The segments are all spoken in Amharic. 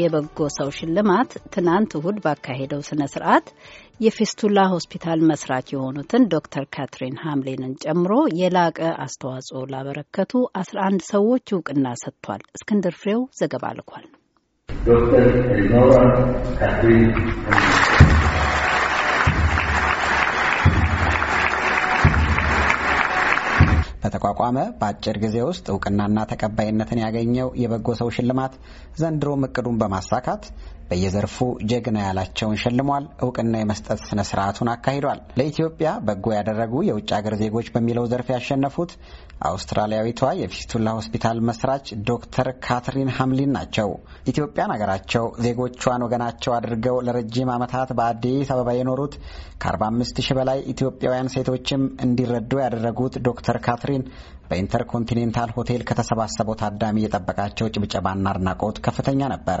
የበጎ ሰው ሽልማት ትናንት እሁድ ባካሄደው ስነ ስርዓት የፌስቱላ ሆስፒታል መስራች የሆኑትን ዶክተር ካትሪን ሀምሌንን ጨምሮ የላቀ አስተዋጽኦ ላበረከቱ 11 ሰዎች እውቅና ሰጥቷል። እስክንድር ፍሬው ዘገባ ልኳል። የተቋቋመ በአጭር ጊዜ ውስጥ እውቅናና ተቀባይነትን ያገኘው የበጎ ሰው ሽልማት ዘንድሮም እቅዱን በማሳካት በየዘርፉ ጀግና ያላቸውን ሸልሟል። እውቅና የመስጠት ስነ ስርዓቱን አካሂዷል። ለኢትዮጵያ በጎ ያደረጉ የውጭ ሀገር ዜጎች በሚለው ዘርፍ ያሸነፉት አውስትራሊያዊቷ የፊስቱላ ሆስፒታል መስራች ዶክተር ካትሪን ሀምሊን ናቸው። ኢትዮጵያን አገራቸው ዜጎቿን ወገናቸው አድርገው ለረጅም ዓመታት በአዲስ አበባ የኖሩት ከ45 ሺህ በላይ ኢትዮጵያውያን ሴቶችም እንዲረዱ ያደረጉት ዶክተር ካትሪን በኢንተርኮንቲኔንታል ሆቴል ከተሰባሰበው ታዳሚ የጠበቃቸው ጭብጨባና አድናቆት ከፍተኛ ነበር።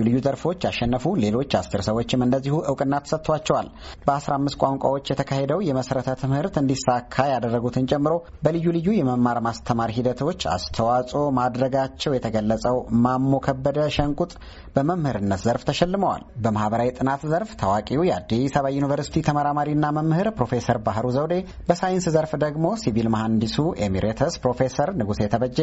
በልዩ ልዩ ዘርፎች ያሸነፉ ሌሎች አስር ሰዎችም እንደዚሁ እውቅና ተሰጥቷቸዋል። በ15 ቋንቋዎች የተካሄደው የመሰረተ ትምህርት እንዲሳካ ያደረጉትን ጨምሮ በልዩ ልዩ የመማር ማስተማር ሂደቶች አስተዋጽኦ ማድረጋቸው የተገለጸው ማሞ ከበደ ሸንቁጥ በመምህርነት ዘርፍ ተሸልመዋል። በማህበራዊ ጥናት ዘርፍ ታዋቂው የአዲስ አበባ ዩኒቨርሲቲ ተመራማሪና መምህር ፕሮፌሰር ባህሩ ዘውዴ፣ በሳይንስ ዘርፍ ደግሞ ሲቪል መሐንዲሱ ኤሚሬተስ ፕሮፌሰር ንጉሴ ተበጀ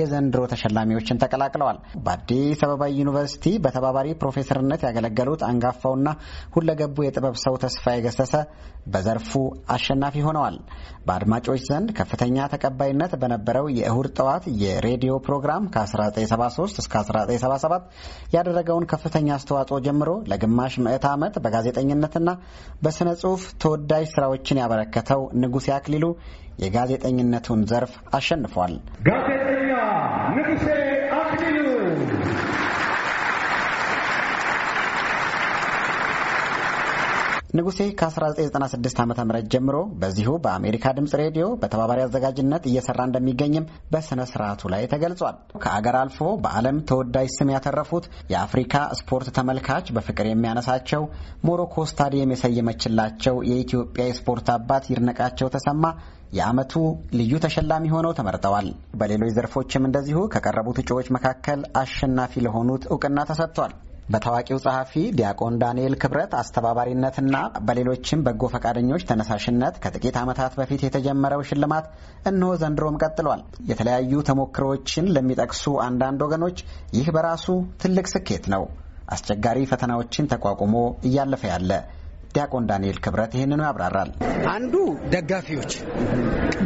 የዘንድሮ ተሸላሚዎችን ተቀላቅለዋል። በአዲስ አበባ ዩኒቨርሲቲ በተባባሪ ፕሮፌሰርነት ያገለገሉት አንጋፋውና ሁለገቡ የጥበብ ሰው ተስፋዬ ገሰሰ በዘርፉ አሸናፊ ሆነዋል። በአድማጮች ዘንድ ከፍተኛ ተቀባይነት በነበረው የእሁድ ጠዋት የሬዲዮ ፕሮግራም ከ1973 እስከ 1977 ያደረገውን ከፍተኛ አስተዋጽኦ ጀምሮ ለግማሽ ምዕተ ዓመት በጋዜጠኝነትና በሥነ ጽሑፍ ተወዳጅ ሥራዎችን ያበረከተው ንጉሴ አክሊሉ የጋዜጠኝነቱን ዘርፍ አሸንፏል። ጋዜጠኛ ንጉሴ ንጉሴ ከ1996 ዓ ም ጀምሮ በዚሁ በአሜሪካ ድምፅ ሬዲዮ በተባባሪ አዘጋጅነት እየሰራ እንደሚገኝም በሥነ ሥርዓቱ ላይ ተገልጿል። ከአገር አልፎ በዓለም ተወዳጅ ስም ያተረፉት የአፍሪካ ስፖርት ተመልካች በፍቅር የሚያነሳቸው ሞሮኮ ስታዲየም የሰየመችላቸው የኢትዮጵያ የስፖርት አባት ይድነቃቸው ተሰማ የዓመቱ ልዩ ተሸላሚ ሆነው ተመርጠዋል። በሌሎች ዘርፎችም እንደዚሁ ከቀረቡት እጩዎች መካከል አሸናፊ ለሆኑት እውቅና ተሰጥቷል። በታዋቂው ጸሐፊ ዲያቆን ዳንኤል ክብረት አስተባባሪነትና በሌሎችም በጎ ፈቃደኞች ተነሳሽነት ከጥቂት ዓመታት በፊት የተጀመረው ሽልማት እነሆ ዘንድሮም ቀጥሏል። የተለያዩ ተሞክሮዎችን ለሚጠቅሱ አንዳንድ ወገኖች ይህ በራሱ ትልቅ ስኬት ነው። አስቸጋሪ ፈተናዎችን ተቋቁሞ እያለፈ ያለ ዲያቆን ዳንኤል ክብረት ይህንኑ ያብራራል። አንዱ ደጋፊዎች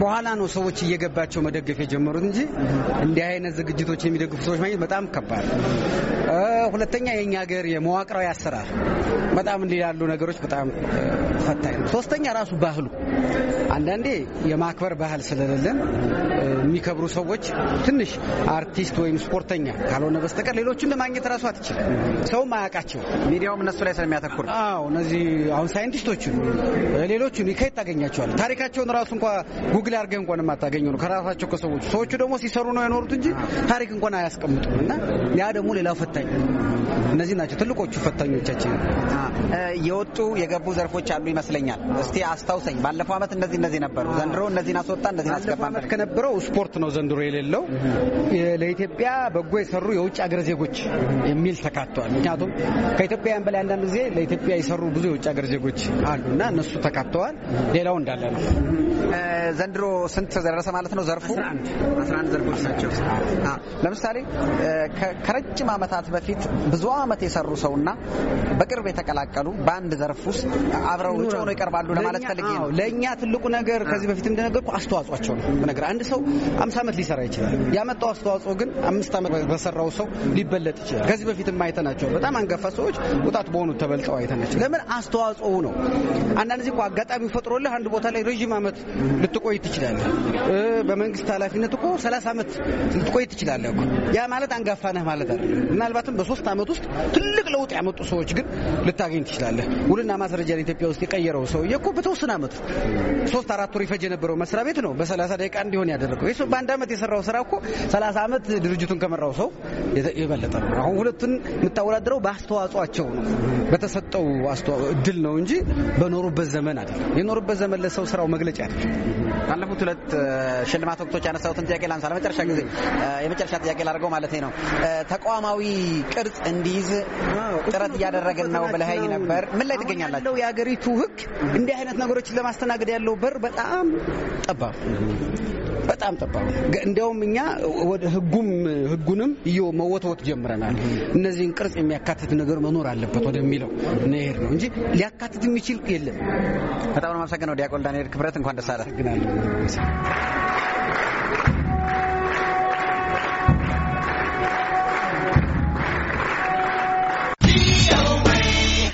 በኋላ ነው ሰዎች እየገባቸው መደገፍ የጀመሩት እንጂ እንዲህ አይነት ዝግጅቶች የሚደግፉ ሰዎች ማግኘት በጣም ከባድ ሁለተኛ የኛ ሀገር የመዋቅራዊ አሰራር በጣም እንዲህ ያሉ ነገሮች በጣም ፈታኝ ነው። ሶስተኛ ራሱ ባህሉ አንዳንዴ የማክበር ባህል ስለሌለን የሚከብሩ ሰዎች ትንሽ አርቲስት ወይም ስፖርተኛ ካልሆነ በስተቀር ሌሎችን ለማግኘት ራሱ አትችል። ሰውም አያውቃቸው። ሚዲያውም እነሱ ላይ ስለሚያተኩር አዎ፣ እነዚህ አሁን ሳይንቲስቶችን ሌሎቹን ከየት ታገኛቸዋል? ታሪካቸውን ራሱ እንኳ ጉግል አድርገህ እንኳን የማታገኘ ነው ከራሳቸው ከሰዎቹ። ሰዎቹ ደግሞ ሲሰሩ ነው የኖሩት እንጂ ታሪክ እንኳን አያስቀምጡም እና ያ ደግሞ ሌላው ፈታኝ እነዚህ ናቸው ትልቆቹ ፈታኞቻችን። የወጡ የገቡ ዘርፎች አሉ ይመስለኛል። እስቲ አስታውሰኝ። ባለፈው አመት እነዚህ እነዚህ ነበሩ፣ ዘንድሮ እነዚህን አስወጣ፣ እነዚህን አስገባ። ከነበረው ስፖርት ነው ዘንድሮ የሌለው። ለኢትዮጵያ በጎ የሰሩ የውጭ አገር ዜጎች የሚል ተካቷል። ምክንያቱም ከኢትዮጵያውያን በላይ አንዳንድ ጊዜ ለኢትዮጵያ የሰሩ ብዙ የውጭ አገር ዜጎች አሉና እነሱ ተካተዋል። ሌላው እንዳለ ነው። ዘንድሮ ስንት ደረሰ ማለት ነው? ዘርፉ 11 ዘርፎች ናቸው። ለምሳሌ ከረጅም ዓመታት ከዓመታት በፊት ብዙ ዓመት የሰሩ ሰውና በቅርብ የተቀላቀሉ በአንድ ዘርፍ ውስጥ አብረው ብቻ ሆነው ይቀርባሉ ለማለት ፈልጌ ነው። ለእኛ ትልቁ ነገር ከዚህ በፊት እንደነገርኩ አስተዋጽኦቸው ነው። ነገር አንድ ሰው አምስት ዓመት ሊሰራ ይችላል። ያመጣው አስተዋጽኦ ግን አምስት ዓመት በሰራው ሰው ሊበለጥ ይችላል። ከዚህ በፊት አይተናቸው በጣም አንጋፋ ሰዎች ወጣት በሆኑ ተበልጠው አይተናቸው። ለምን አስተዋጽኦ ነው። አንዳንድ ጊዜ አጋጣሚ አጋጣሚው ፈጥሮልህ አንድ ቦታ ላይ ረዥም ዓመት ልትቆይ ትችላለህ። በመንግስት ኃላፊነት እኮ ሰላሳ ዓመት ልትቆይ ትችላለህ። ያ ማለት አንጋፋ ነህ ማለት አይደለም። ምናልባትም በሶስት ዓመት ውስጥ ትልቅ ለውጥ ያመጡ ሰዎች ግን ልታገኝ ትችላለህ። ውልና ማስረጃ ኢትዮጵያ ውስጥ የቀየረው ሰውዬ እኮ በተወሰነ ዓመት ሶስት አራት ወር ይፈጅ የነበረው መስሪያ ቤት ነው በሰላሳ ደቂቃ እንዲሆን ያደረገው። ይሱ በአንድ ዓመት የሰራው ስራ እኮ ሰላሳ ዓመት ድርጅቱን ከመራው ሰው የበለጠ ነው። አሁን ሁለቱን የምታወዳድረው በአስተዋጽኦቸው ነው፣ በተሰጠው እድል ነው እንጂ በኖሩበት ዘመን አይደለም። የኖሩበት ዘመን ለሰው ስራው መግለጫ አይደለም። ባለፉት ሁለት ሽልማት ወቅቶች ያነሳሁትን ጥያቄ ላንሳ ለመጨረሻ ጊዜ የመጨረሻ ጥያቄ ላድርገው ማለት ነው። ተቋማዊ ቅርጽ እንዲይዝ ጥረት እያደረግን ነው ብለኸኝ ነበር። ምን ላይ ትገኛላችሁ? የሀገሪቱ ህግ እንዲህ አይነት ነገሮችን ለማስተናገድ ያለው በር በጣም ጠባብ በጣም ጠባብ። እንዲያውም እኛ ወደ ህጉም ህጉንም እዮ መወትወት ጀምረናል። እነዚህን ቅርጽ የሚያካትት ነገር መኖር አለበት ወደሚለው ነሄድ ነው እንጂ ሊያካትት የሚችል የለም። በጣም ነው የማመሰግነው ዲያቆን ዳንኤል ክብረት። እንኳን ደስ አለ።